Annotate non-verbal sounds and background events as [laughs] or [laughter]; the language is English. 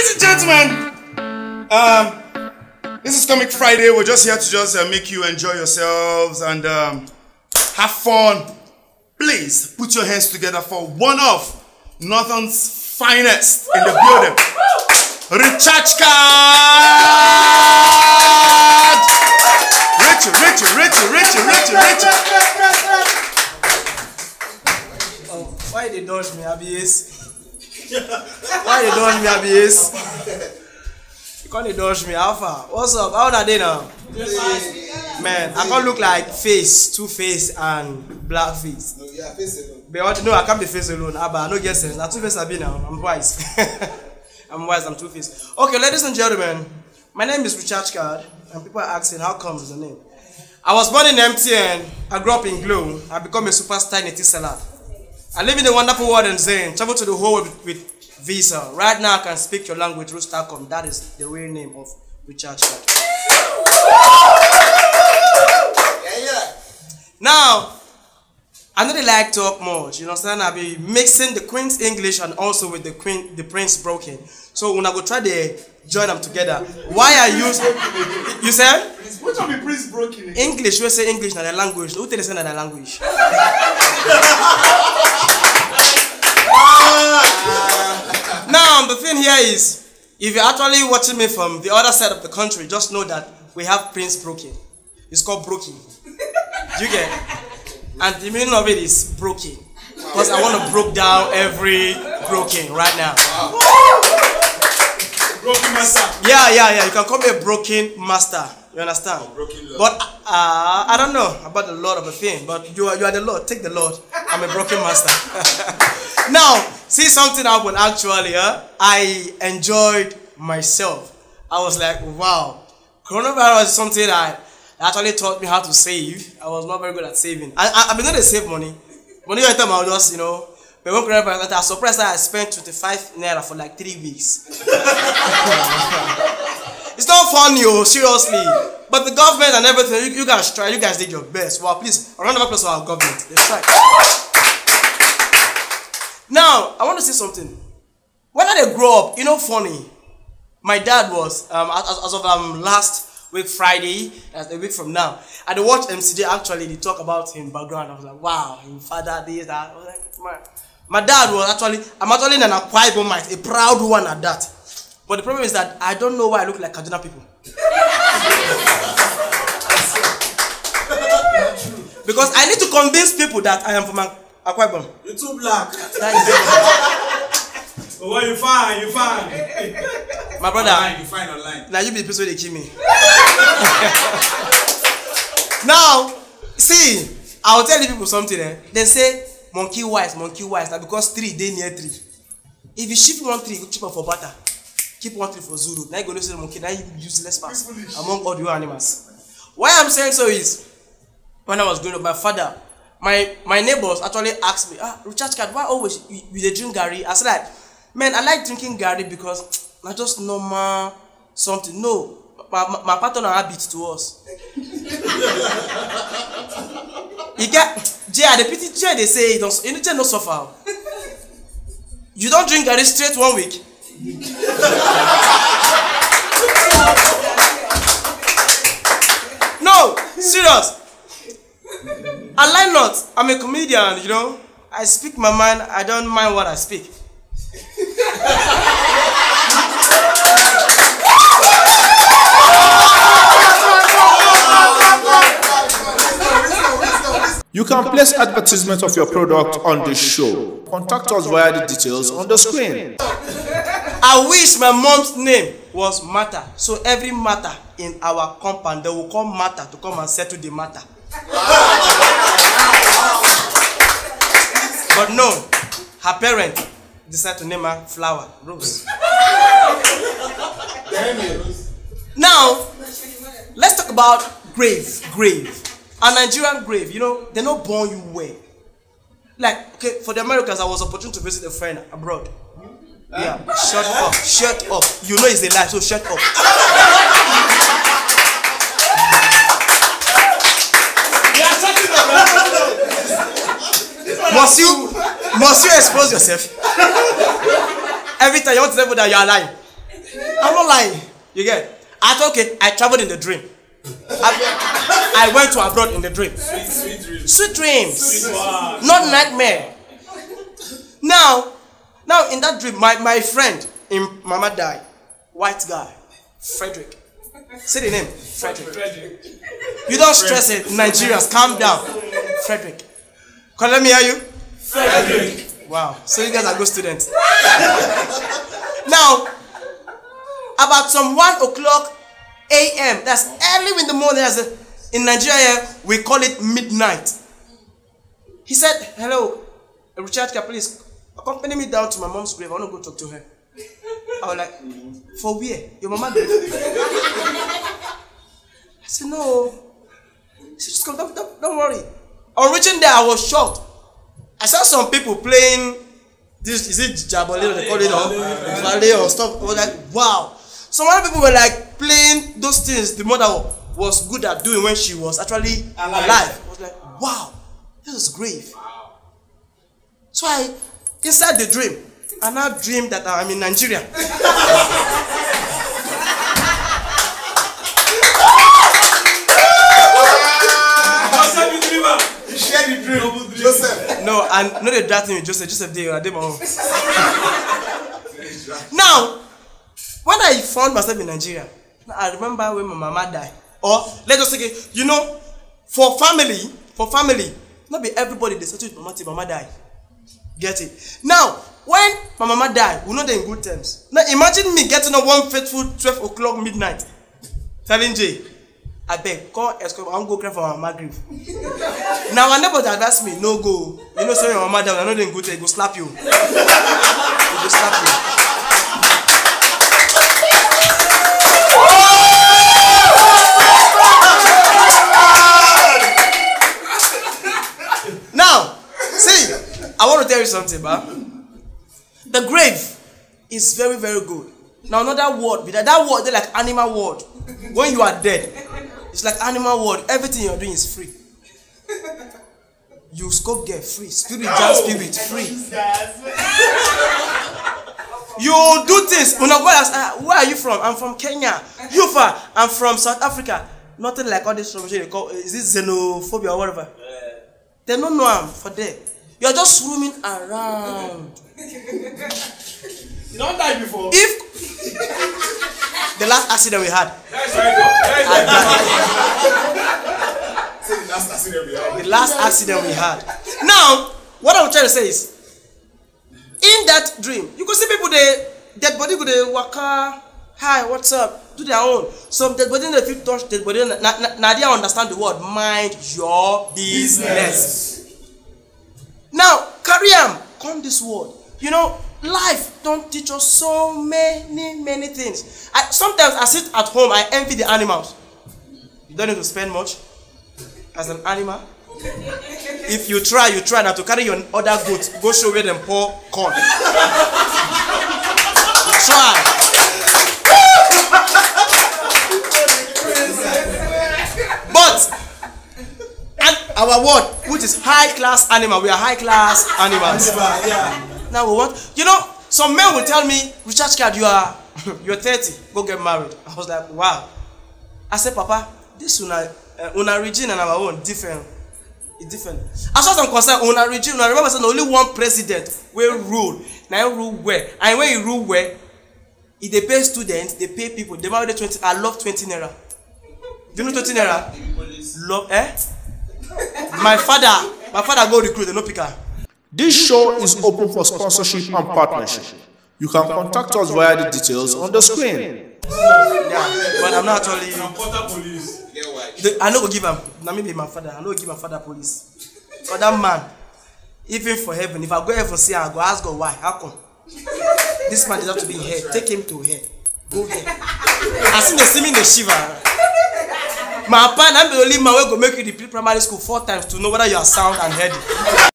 ladies and gentlemen, um, this is Comic Friday. We're just here to just uh, make you enjoy yourselves and um, have fun. Please put your hands together for one of Northern's finest in the building, Richachka. Richard, Richard, Richard, Richard, Richard, Richard. Oh, why they dodge me, Abies? why you dodge me abis you can't dodge me Alpha. what's up how una dey now man i can't look like face two face and black face no you are face alone but what no i can't be face alone aba i no get sense na two face i be now i'm wise [laughs] i'm wise i'm two face okay ladies and gentlemen my name is richard card and people are asking how comes the name i was born in mtn i grew up in glow i become a superstar in a tea salad I live in a wonderful world and saying, travel to the whole world with, Visa. Right now I can speak your language Rooster.com. That is the real name of Richard Shaw. Now, I know they like talk much, you know, what I'll be mixing the Queen's English and also with the Queen, the Prince broken. So when I go try to join them together, why are you, you say? Which one be Prince broken? English, we say English, not their language. Who tell us not their language? [laughs] here is, if you're actually watching me from the other side of the country, just know that we have Prince Broken. It's called Broken. you get? And the meaning of it is broken. Because I want to broke down every broken right now. Wow. broken master. Yeah, yeah, yeah. You can call me a broken master. You understand? Oh, but uh, I don't know about the Lord of a thing, but you are, you are the Lord. Take the Lord. I'm a broken [laughs] master. [laughs] now, see something happened actually. Huh? I enjoyed myself. I was like, wow. Coronavirus is something that actually taught me how to save. I was not very good at saving. I, I, I've been able to save money. Money you time I'll just, you know, but when coronavirus I was surprised that I spent 25 naira for like three weeks. [laughs] it's not funny oh seriously but the government and everything you, you guys try you guys did your best well please a round of applause for our government Let's try now i want to say something when i grow up you know funny my dad was um, as, as of um, last week friday that's a week from now i dey watch mcj actually they talk about him background i was like wow him father this that i was like man my dad was actually i'm actually an akwa ibom a proud one at that But the problem is that I don't know why I look like Kaduna people. because I need to convince people that I am from Akwa Ibom. You're too black. That is it. well, [laughs] oh, you fine, you fine. My brother. Online, you fine online. Now you be the person they kill me. [laughs] now, see, I will tell you people something. Eh? They say monkey wise, monkey wise. Now because three, they near three. If you shift one three, you go cheaper for butter keep one for zulu. road. Now you go listen to monkey. Now you useless pass among all the animals. Why I'm saying so is when I was growing up, my father, my my neighbors actually asked me, ah, recharge Card, why always you, you dey drink garri? I said like, man, I like drinking garri because [tsk] na just normal something. No, my my, my pattern and habit to us. you [laughs] get [tsk] Jay, I dey pity Jay dey say he don, you know Jay no suffer. You don drink garri straight one week. [laughs] no, serious. I lie not. I'm a comedian, you know. I speak my mind. I don't mind what I speak. You can place advertisement of your product on this show. Contact us via the details on the screen. I wish my mom's name was Martha. So every matter in our compound, they will call Martha to come and settle the matter. But no, her parents decided to name her Flower Rose. now, let's talk about grave. Grave. A Nigerian grave, you know, they're not born you well. Like, okay, for the Americans, I was opportune to visit a friend abroad. Yeah. Shut up. Shut up. You know it's a lie, so shut up. must you must you expose yourself? Every time you want to tell that you are lying. I'm not lying. You get? I thought okay, I traveled in the dream. I, I went to abroad in the dream. Sweet, sweet dreams. Sweet dreams. Sweet, wow. Not nightmare. Now now in that dream my my friend im mama die white guy frederick say the name frederick, frederick. you don stress it nigerians calm down frederick come let me hear you frederick wow so you guys are good students [laughs] now about some one o'clock a.m. that's early in the morning that's a, in Nigeria we call it midnight he said hello Richard can please accompany me down to my mom's grave. I want to go talk to her. I was like, for where? Your mama grave? I said, no. She just come, don't, don't, don't worry. On reaching there, I was shocked. I saw some people playing this, is it Jabole, they call it, or or stuff. I was like, wow. Some other people were like playing those things the mother was good at doing when she was actually alive. alive. I was like, wow, this is grave. So I, inside the dream i now dream that i'm in nigeria. Joseph. No, and no, they drag me with Joseph. Joseph, they are my own. now, when I found myself in Nigeria, I remember when my mama died. Or let's just say, you know, for family, for family, not be everybody they settle with mama till mama die get it now when my mama die we no dey in good terms now imagine me getting up one faithful twelve o'clock midnight telling jay abeg come escort i wan go cry for my mama grief na our neighbor dey advise me no go you know say your mama die una no dey in good terms e go slap you e go slap you. something, ba? The grave is very, very good. Now another word, that that word they like animal word. When you are dead, it's like animal word. Everything you're doing is free. You scope get free. Spirit just spirit free. [laughs] you do this. una go ask uh, where are you from i'm from kenya you far i'm from south africa nothing like all this rubbish they call is this xenophobia or whatever yeah. they no know am for there you are just roaming around. you don die before. if the last accident we had. the last accident we had. Now, what I'm trying to say is, in that dream, you go see people dey dead body go dey waka hi what's up do their own some dead body no dey fit touch dead body na na na dey understand the word mind your business. business. Mariam, come this world. You know, life don teach us so many, many things. I, sometimes I sit at home, I envy the animals. You don't need to spend much as an animal. if you try, you try now to carry your other goat, go show where them pour corn. try. our word which is high class animal we are high class animals Animal, yeah. now we want you know some men will tell me Richard Card you are [laughs] you are thirty, go get married I was like wow I said papa this una uh, una region and our own different e different as far as i'm concerned una region una remember say na only one president wey rule na him rule well and when he rule well e dey pay students dey pay people dey marry dey twenty i love twenty naira do you know twenty naira love eh my father my father go recruit they no pick am. this show is open for sponsorship and partnership you can contact us via the details on the screen. yeah, but i'm not only the, i no go give am na me be my father i no go give my father police for that man even for heaven if i go heaven see am i go ask god why how come this man deserve to be here take him to here go here as him dey see me dey shiver my papa na be the only man wey go make you repeat primary school four times to know whether you are sound and healthy.